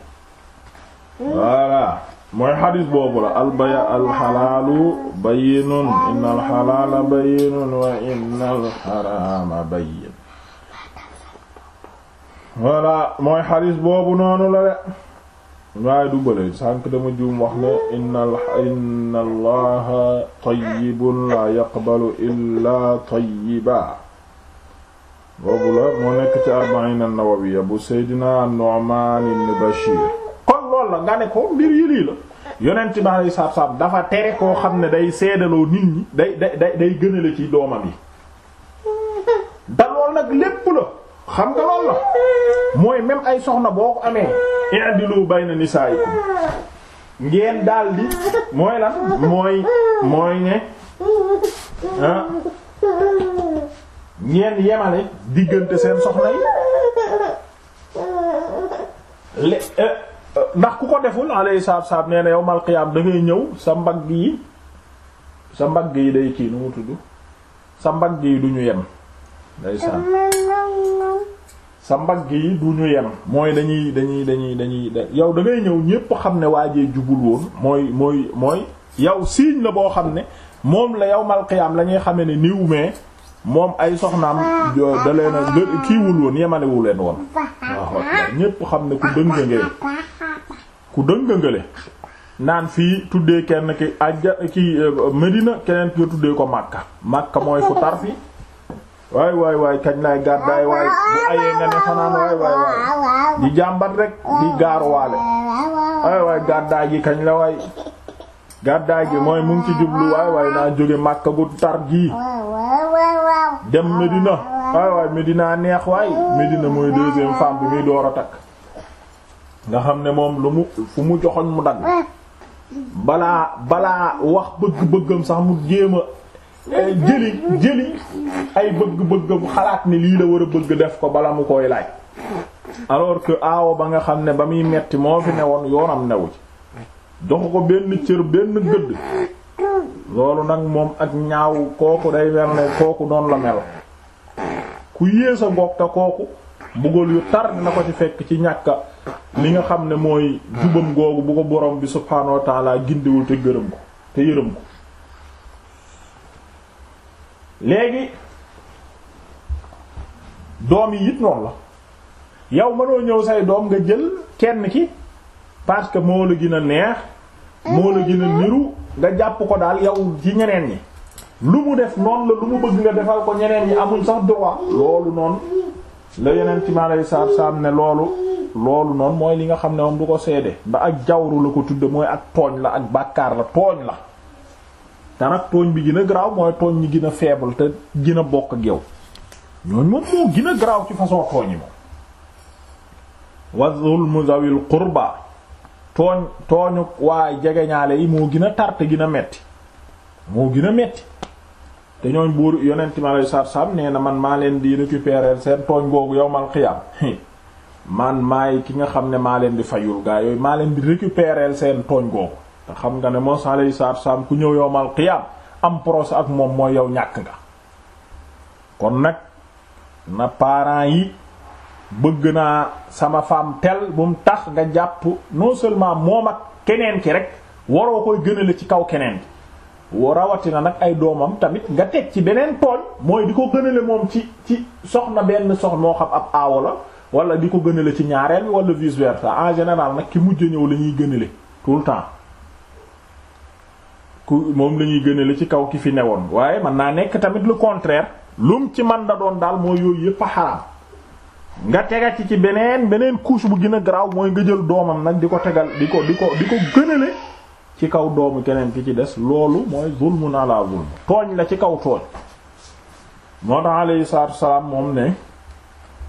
voilà mooy xadis boobu la albaya alxalaalu bayyinun inna alxalaala bayyinun wa inna alxaraama bayyin voilà mooy xadis boobu noonu la de waaye du bële sànk dama juum wax ne inna inna allaha tayyibun la yaqbalu illa tayyiba boobu la moo nekk ci arba'iin an-nawawiyya bu seydina Nu'maan ibn Bashiir lool la nga ne ko mbir yi la yonent bi alayhi salaatu salaam dafa tere koo xam ne day seedaloo nit ñi day day day gënale ci doomam yi da nag lépp la xam nga lool mooy même ay soxna boo ko amee i'dilu bayna nisaa'ikum ngeen daal di mooy lan mooy mooy ne ngeen yemale diggante seen soxna yi eh, ndax ku ko deful alayhi salaatu salaam nee na yow mal qiyaam ñëw sa mbagg yi sa mbagg yi day kii nu mu tudd sa mbagg yi du ñu yem day sa sa mbagg mooy dañuy dañuy dañuy dañuy yow da ñëw ñépp xam ne waajee jubul woon mooy mooy mooy yow siiñ la boo xam ne moom la yow mal qiyaam la ñuy xamee ne niw mais moom ay soxnaam da leen a kiiwul woon yemalewuleen woon waaw ñépp xam ne ku dëng ngeen ku dëngëngale naan fii tuddee kenn ki ajja ki euh, Medina keneen ki tuddee ko Makka Makka mooy fu tar fi waay waay waay kañ lay gàddaay waay bu ayee nga ne fanaan waay waay di jàmbat rek di gaaruwaale waay waay gàddaay gi kañ la waay gàddaay gi mooy mu ngi ci jublu waay waay naa jóge Makka gu tar gii dem Medina waay waay Medina neex waay Medina mooy deuxième femme bi muy door a takk nga xam ne moom lu mu fu mu joxoñ mu dagg balaa balaa wax bëgg-bëggam sax mu jéem a eh, jëli jëli ay bëgg-bëggam xalaat ni lii la war a bëgg def ko bala mu koy laaj alors que aawo ba nga xam ne ba muy metti moo fi newoon yoonam newu ci jox ko benn cër benn gëdd loolu nag moom ak ñaaw kooku day mel ne kooku noonu la mel ku yées a bokk te kooku mbugal yu tar na ko ci fekk ci ñàkk li nga xam ne mooy jubam googu bu ko borom bi subhaanahu wa taala gindiwul te gërëm ko te yërëm ko léegi doom yi it noonu la yow mënoo ñëw say doom nga jël kenn ki parce que moo la gin a neex moo la gën a niru nga jàpp ko daal yow ci ñeneen yi lu mu def noonu la lu mu bëgg nga defal ko ñeneen yi amul sax droit loolu noonu la yeneen ci ma lay saab saab ne loolu loolu noonu mooy li nga xam ne moom du ko seede ba ak jawru la ko tudd mooy ak tooñ la ak bàkkaar la tooñ la te nag tooñ bi gën a garaaw mooy tooñ ñi gën a faible te gën a bokk géew yow ñooñ moom moo gën a garaaw ci façon tooñ yi moom wa zulmu zawil tooñ tooñu waaye jegeñaale yi moo gën a tar te gën a metti moo gën a metti te ñooñ buur yonent mi alayhi salaatu salaam nee na man maa leen di récupérer seen tooñ googu yawmal qiyaam man maay ki nga xam ne maa leen di fayul gaa yooyu maa leen di récupérer seen tooñ googu te xam nga ne mos alayhi salaatu salaam ku ñëw yawmal qiyaam am procès ak moom mooy yow ñàkk nga kon nag na parents yi bëgg naa sama femme tel bu mu tax nga jàpp non moom ak keneen ki rek waroo koy gënale ci kaw keneen ki rawatina nag ay doomam tamit nga teg ci beneen tooñ mooy di ko gënale moom ci ci soxna benn sox moo xam ab aawo la wala di ko gënale ci ñaareel bi wala vice en général nag ki mujj ñëw la ñuy gënale tout le temps ku moom la ñuy gënale ci kaw ki fi ne woon waaye man naa nekk tamit lu contraire lum ci man da doon daal moo yooyu yëpp a nga tega ci ci beneen beneen couche bu gën a garaaw mooy nga jël doomam nag di ko tegal di ko di ko di ko gënale ci kaw doomu keneen ki ci des loolu mooy zulmun ala zulm tooñ la ci kaw tooñ moo tax alayhi salaatu moom ne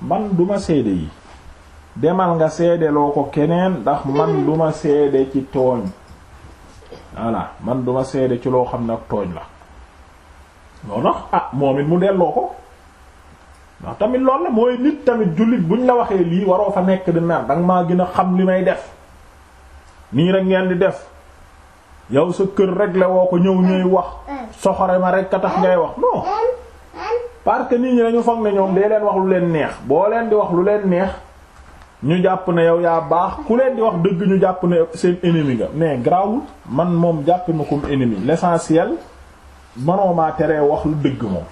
man duma seede yi demal nga seede loo ko keneen ndax man duma seede ci tooñ voilà man duma seede ci loo xam ne ak tooñ la loo tax ah moom it mu delloo ko ndax tamit loolu la mooy nit tamit jullit buñ la waxee lii waroo fa nekk di naan danga maa gën a xam li may def nii rek ngeen di def yow sa kër réglé woo ko ñëw ñuy wax eh. soxore ma rek ka tax eh. ngay wax non eh. parce que nit ñi dañu foog ne ñoom dee leen wax lu leen neex boo leen di wax leen neex ñu jàpp ne yow yaa baax ku leen di wax dëgg ñu jàpp ne seen ennemi nga mais grawul man moom jàpp ma comme ennemi l'essentiel manoo maa wax lu dëgg moom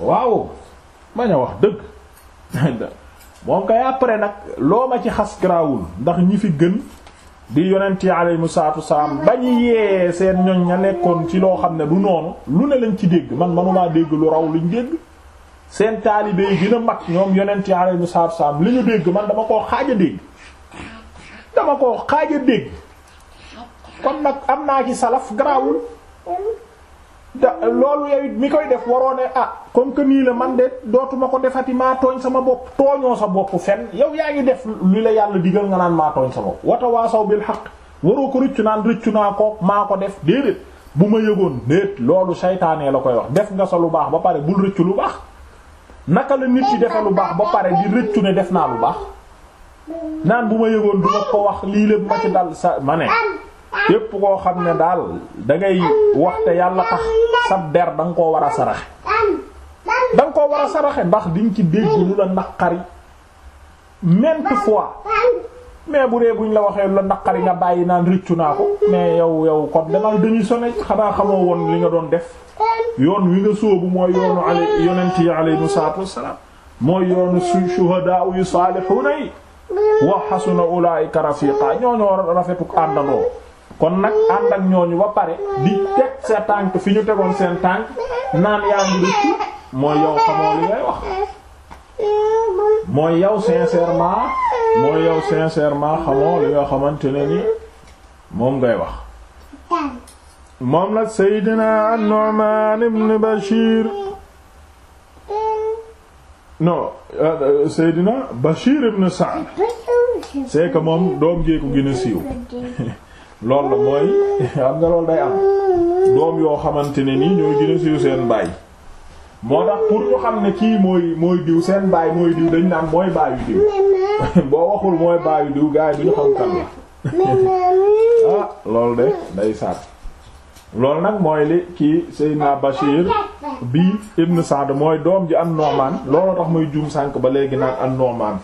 waaw mañ a wax dëgg moom kay après nag loo ma ci xas grawul ndax ñi fi gën bi yonent yi mu salaatu wasalaam ba ñu yee seen ñoñ ña nekkoon ci loo xam ne du noonu lu ne lañ ci dégg man manumaa dégg lu raw luñ dégg seen taalibe yi gën a mag ñoom yonent yi mu salaatu wasalaam li ñu dégg man dama koo xaaj a dégg dama koo xaaj dégg kon nag am naa ci salaf garaawul da loolu yow mi koy def waroo ne ah comme que nii la man de dootuma ko defati maa tooñ sama bopp tooñoo sa bopp fen yow yaa ngi def li la yàlla digal nga naan maa tooñ sa bopp wata waasaw bil xaq waroo ko rëccu naan rëccu naa ko maa ko def déedéet bu ma yëgoon déet loolu seytaanee la koy wax def nga sa lu baax ba pare bul rëccu lu baax naka la nit ci defe lu baax ba pare di rëccu ne def naa lu baax naan bu ma yëgoon du ma ko wax lii lépp ma dal sa ma ne képp koo xam ne daal da ngay wax te yàlla tax sab der koo war a saraxe da koo war a saraxe ndax diñ ci dégg lu la naqari maintes fois mais bu dee buñ la waxee lu la naqari nga bàyyi naan rëccu naa ko mais yow yow kon demal dañuy sonné xanaa xamoo woon li nga doon def yoon wi nga sóobu mooy yoonu ale yonent yi aleyhim salaatu wassalaam mooy yoonu su shuhadaa yu saalihuuna yi wa hasuna ulaa'ika rafiiqa ñoo ñoo rafetuk àndandoo kon nag ànd ñooñu ba pare di teg sa tànk fi ñu tegoon seen tànk naan yaa ngi rëccu mooy yow xamoo li ngay wax mooy yow sincèrement mooy yow sincèrement xamoo li nga xamante ne ni moom ngay wax moom nag Seydina An-Nu'man ibn Bashir non Seydina Bashir ibn Sa'd c'est moom doom jéeku gën a siiw loolu la mooy xam nga doom yoo xamante ne nii ñooy gën seen baay moo tax kii mooy mooy seen baay mooy diw dañ mooy baayu diw boo waxul mooy baayu diw gars yi ah, loolu de day saat loolu nag mooy li kii Seydina Bachir bi Ibn Sa'd mooy doom ji am Nu'man looloo tax muy juum sànk ba léegi naan am Nu'man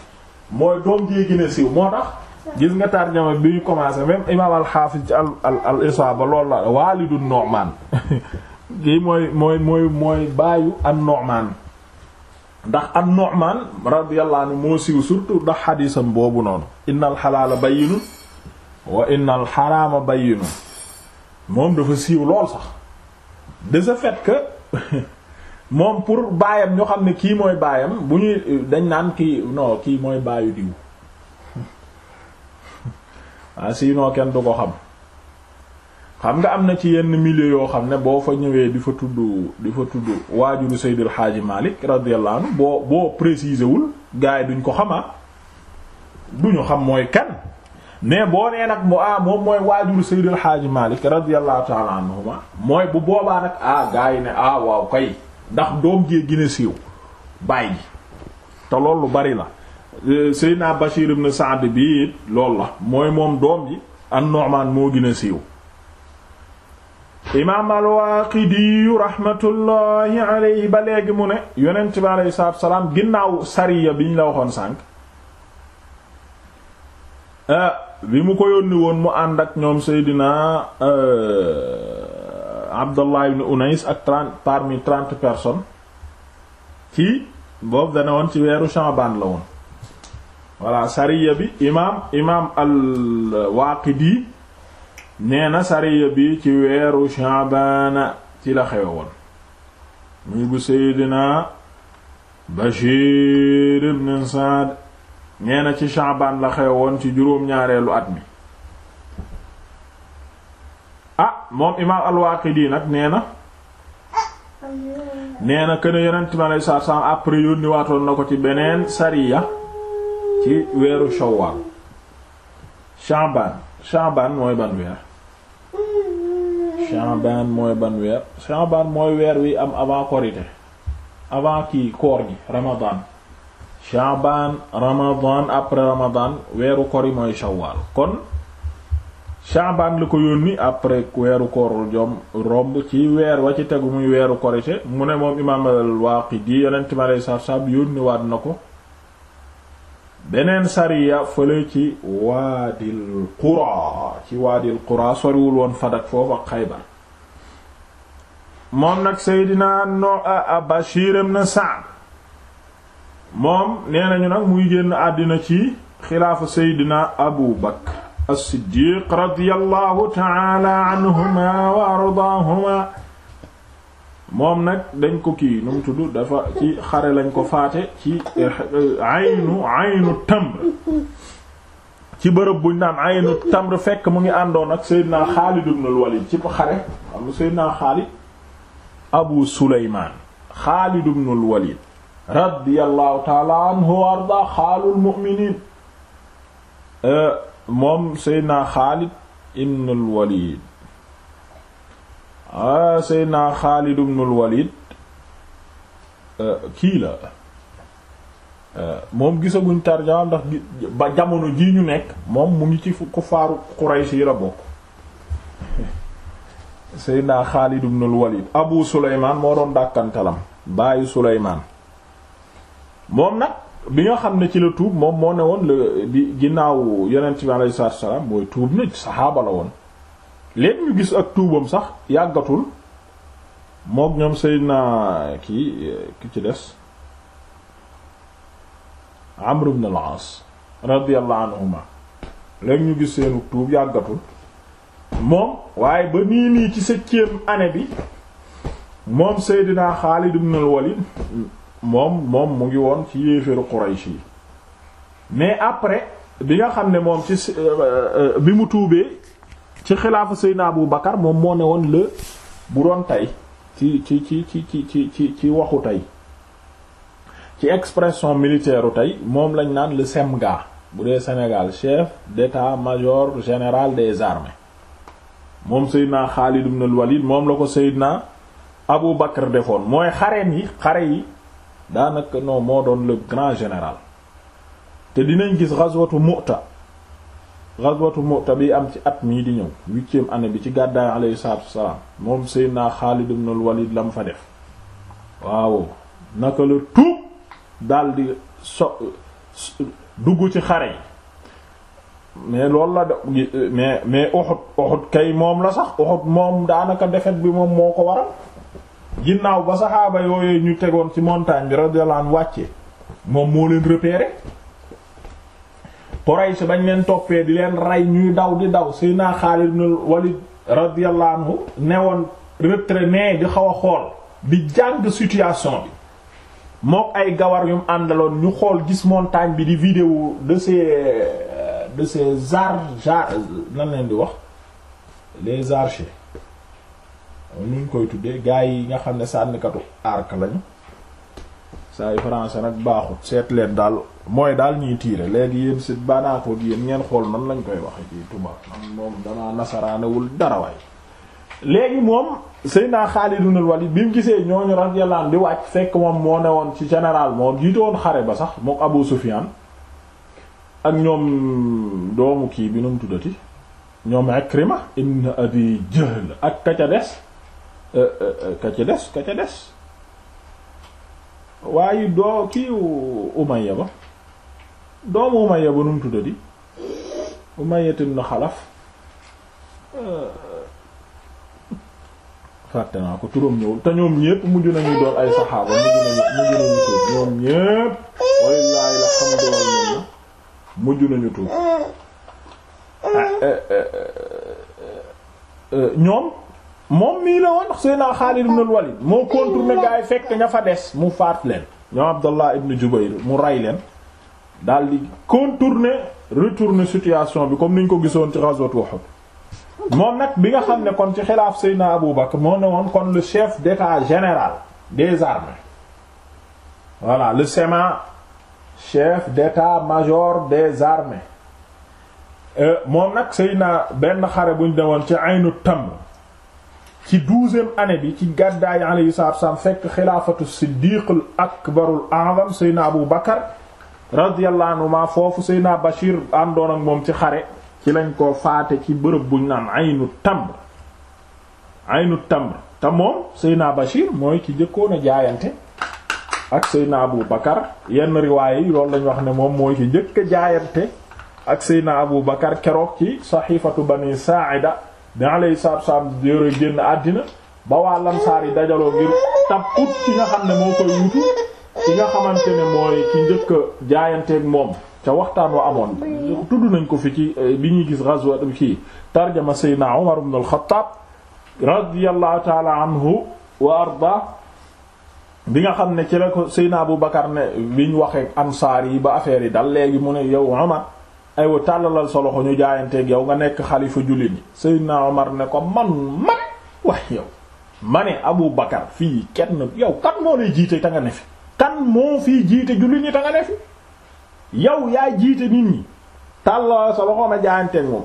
mooy doom jee gën a siiw moo tax gis nga tarjama bi ñu commencé même imaam alxaafis ci al al al isaaba loolu la waalidu Nu'maan kii mooy mooy mooy mooy baayu an Nu'maan ndax an Nu'maan radiyallahu anhu moo siiw surtout ndax xadiisam boobu noonu innal xalaala bayyinun wa innal xaraama bayyinun moom dafa siiw lool sax de ce fait moom pour baayam ñoo xam ne kii mooy baayam bu ñuy dañ naan kii non kii mooy baayu diw ah sinon kenn du ko xam xam nga am na ci yenn milieu yoo xam ne boo fa ñëwee di fa tudd di fa tudd waajuru Seydil Hadji Malick radiyallahu anhu boo boo préciser wul gars yi duñ ko xama ah. duñu xam mooy kan mais boo nee nag mu ah moom mooy waajuru Seydil Hadji Malick radiyallahu ta'ala anhuma mooy bu boobaa nag ah gars yi ne ah waaw kay ndax doog jee gën a siiw bàyyi ji te loolu lu bari la Euh, Seydina Bachir ibn Saad bi loolu la mooy moom doom yi an-Nu'man moo gën a siiw imaam al-Waaqidi rahmatullahi ba léegi mu ne yonent bi alayhi salaatu salaam ginnaaw sariya biñ la waxoon sànq euh, bi mu ko yónni woon mu ànd ak ñoom Seydina euh, Abdallah ibn Unais ak trente parmi ci boobu dana woon ci weeru Sha'ban la woon voilà sariya bi imaam imaam al-Waaqidi nee na sariya bi ci weeru Shaabaana ci la xewe woon muy bu Seydina Bashir ibn Saad nee na ci Shaabaan la xewe woon ci juróom-ñaareelu at mi ah moom imaam al-Waaqidi nag nee na nee na kën a yonent mi alayhi salaam après yónni waatoon na ko ci beneen sariya ci weeru shawwal sha'ban sha'ban mooy ban weer sha'ban mooy weer wi am avant korité avant kii koor gi ramadan sha'ban ramadan après ramadan weeru kori mooy shawwal kon sha'ban la ko yónni après weeru koor jom romb ci weer wa ci tegu muy weeru korité mu ne moom imaam al-Waaqidi yonent mi alayhi salaatu wa salaam yónni waat na ko beneen sariya fële ci waadil qura ci waadil qura soriwul woon fadak foofu ak moom nag seydina a Bashir ibn Sa'd moom nee nañu nag muy génn àddina ci xilaafa seydina Abu Bakr as-Siddiq radiyallahu ta'ala anhuma wa ardaahuma moom nag dañ ko kii nu dafa ci xare lañ ko faate ci eh, aynu aynu tamr ci bërëb buñ naan aynu tamr fekk mu ngi àndoon ak Seydina Xaalid ibn walid ci xare xam Xaalid Abu Sulaymaan Xaalid ibn walid radiyallahu taala anhu wa arda xaalul mu'miniin eh, moom Seydina Xaalid ibn walid ah Seydina Xaalid ibnul Walid euh, kii la euh, moom gisaguñ tarjama ndax ba jamono jii ñu nekk moom mu ngi ci kufaaru Quraysh yi la bokk Seydina Xaalid ibnul Walid Abu Suleymaan moo doon dàkkantalam baayu Suleymaan moom nag bi nga xam ne ci la tuub moom moo ne woon la ginnaaw Yonent bi alayhi salaatu wa salaam mooy tuub na saxaaba la woon leen ñu gis ak tuubam sax yàggatul mook ñoom Seydina kii ki ci des Amr ibn al-As radiyallahu anhuma leen ñu gis seenu tuub yàggatul moom waaye ba nii nii ci septième année bi moom Seydina Xaalid ibn al-Walid moom moom mu ngi woon ci yéeféru Quraysh yi mais après bi nga xam ne moom ci euh, euh, bi mu tuubee ci xilaafa Seydina Abu Bakar moom moo ne woon le bu doon tey ci ci ci ci ci ci ci waxu tey ci expression militaire tey moom lañ naan le SEMGA bu dee Sénégal chef d'état-major général des armées moom Seydina Xaalid ibn walid moom la ko Seydina Abu Bakar defoon mooy xareen yi xare yi daanaka non moo doon le grand général te dinañ gis rasotu Mu'ta ghazwatu Mu'ta bi am ci at mii di ñëw huitième année bi ci gàddaay alayhi salaatu wassalaam moom Seydina Xaalid ibn al-Walid la mu fa def waaw naka la tuub di so dugg ci xare yi mais loolu la de mais mais Uhud Uhud kay moom la sax Uhud moom daanaka defet bi moom moo ko waral ginnaaw ba saxaaba yooyu ñu tegoon ci montagne bi radiyallahu anhu wàcce moom moo leen repérer Quraysh bañ leen toppee di leen rey ñuy daw di daw Seydina Xaalid ibn Walid radiyallahu anhu newoon retraité di xaw a xool di jàng situation bi mook ay gawar yum àndaloon ñu xool gis montagne bi di vidéo de ces euh, de ces zar jar nan leen di wax les archers nuñ koy tuddee gars yi nga xam ne sànnikatu arc lañu saa yu français nag baaxut seet leen daal mooy daal ñuy tiire léegi yéen sit baanaakoog yéen ngeen xool nan lañu koy waxe ci tubaab man moom damaa nasaraanewul dara waay léegi moom Seydina Xaalid ibn Walid bi mu gisee ñooñu radiyallahu laan di wàcc fekk moom moo ne woon ci général moo jiite woon xare ba sax mook Abu Sufyaan ak ñoom doomu kii bi nu mu tuddati ñoom Ikrima ibn Abi Jahl ak ka ca des euh, euh, euh, ka ca des ka ca des waaye doo kii Umayya ba doomu Umayya ba nu mu tuddati Umayya ibn Xalaf euh, fàtte naa ko turam ñëwul te ñoom ñépp mujj nañu doon ay saxaaba mujj nañu mujj ñoom moom mii la woon Seydina Xaalid ibn Walid moo contourné gaa yi fekk nga fa des mu faat leen ñoom Abdallah ibn Jubayr mu ray leen daal di contourner retourner situation bi comme niñ ko gisoon ci ghazwat Uhud moom nag bi nga xam ne kon ci xilaaf Seydina Abu Bakr moo ne woon kon le chef d'état général des armées voilà le SEMA chef d'état-major des armées euh, moom nag Seydina benn xare buñ demoon ci Aynu Tamr ci douzième année bi ci gàddaay alayhi salaatu wassalaam fekk xilaafatu siddiq al akbarul a'zam seydna abu bakar radiyallahu anhuma foofu seydna bashir àndoon ak moom ci xare ci lañ ko faate ci bërëb buñ naan aynu tamr aynu tamr te moom bashir mooy ci jëkkoon a jaayante ak seydna abu bakar yenn riwaay yi loolu lañ wax ne moom mooy ki jëkk jaayante ak seydna abu bakar keroog ci saxiifatu bani saa'ida bi alayhi salaatu wa àddina ba waa yi dajaloo ngir tab ut nga xam ne nga xamante ne mooy ci njëkk jaayanteeg moom ca waxtaan wa amoon tudd nañ ko fi ci eh, bi ñuy gis ghazwa ci tarjama sayyidina Umar ibn al-Khattab ta'ala anhu wa arda bi nga xam ne ci la ko sayyidina Abu Bakar ne biñ waxee ansaar yi ba affaire yi dal léegi mu ne yow Umar aywa tàllalal sa loxo ñu jaayanteeg yow nga nekk xalifa jullit ñi Seydina Omar ne ko man man wax yow ma ne Abu Bakar fii kenn yow kan moo lay jiite ta nga ne fi kan moo fii jiite jullit ñi ta nga ne fi yow yaa jiite nit ñi tàllalal sa loxo na jaayanteeg moom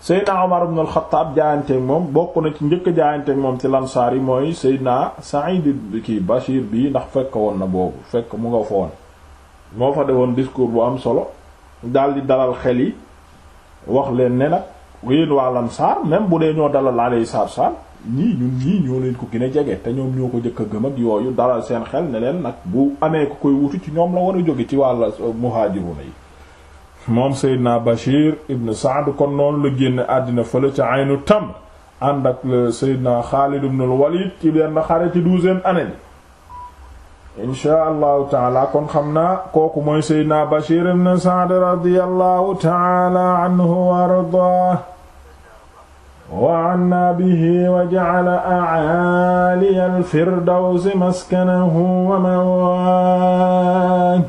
Seydina Omar ibn al-Khattab jaayanteeg moom bokk na ci njëkk jaayanteeg moom ci lansaar yi mooy Seydina Sa'id kii Bachir bii ndax fekk woon na boobu fekk mu nga foon moo fa defoon discours bu am solo daldi dalal xel yi wax leen ne nag yéen waa Ansaar même bu dee ñoo dalal alayhi salaatu salaam ñii ñun ñii ñoo leen ko gin a jege te ñoom ñoo ko jëkk a gëm ak yooyu dalal seen xel ne leen nag bu amee ku koy wutu ci ñoom la war a jóge ci wàlla muhaajiruna yi moom Seydina Bachir ibn Saad kon noonu la génn àddina fële ci Aynu Tamr ànd ak Seydina Xaalid ibn al Walid ci benn xare ci douzième année insha allahu taala kon xam naa kooku mooy seydna bashir ibn saad radiyallahu taala anhu wa ardaah wa anna bihi wa ja'ala a'ali al-firdaws maskanahu wa mawaahu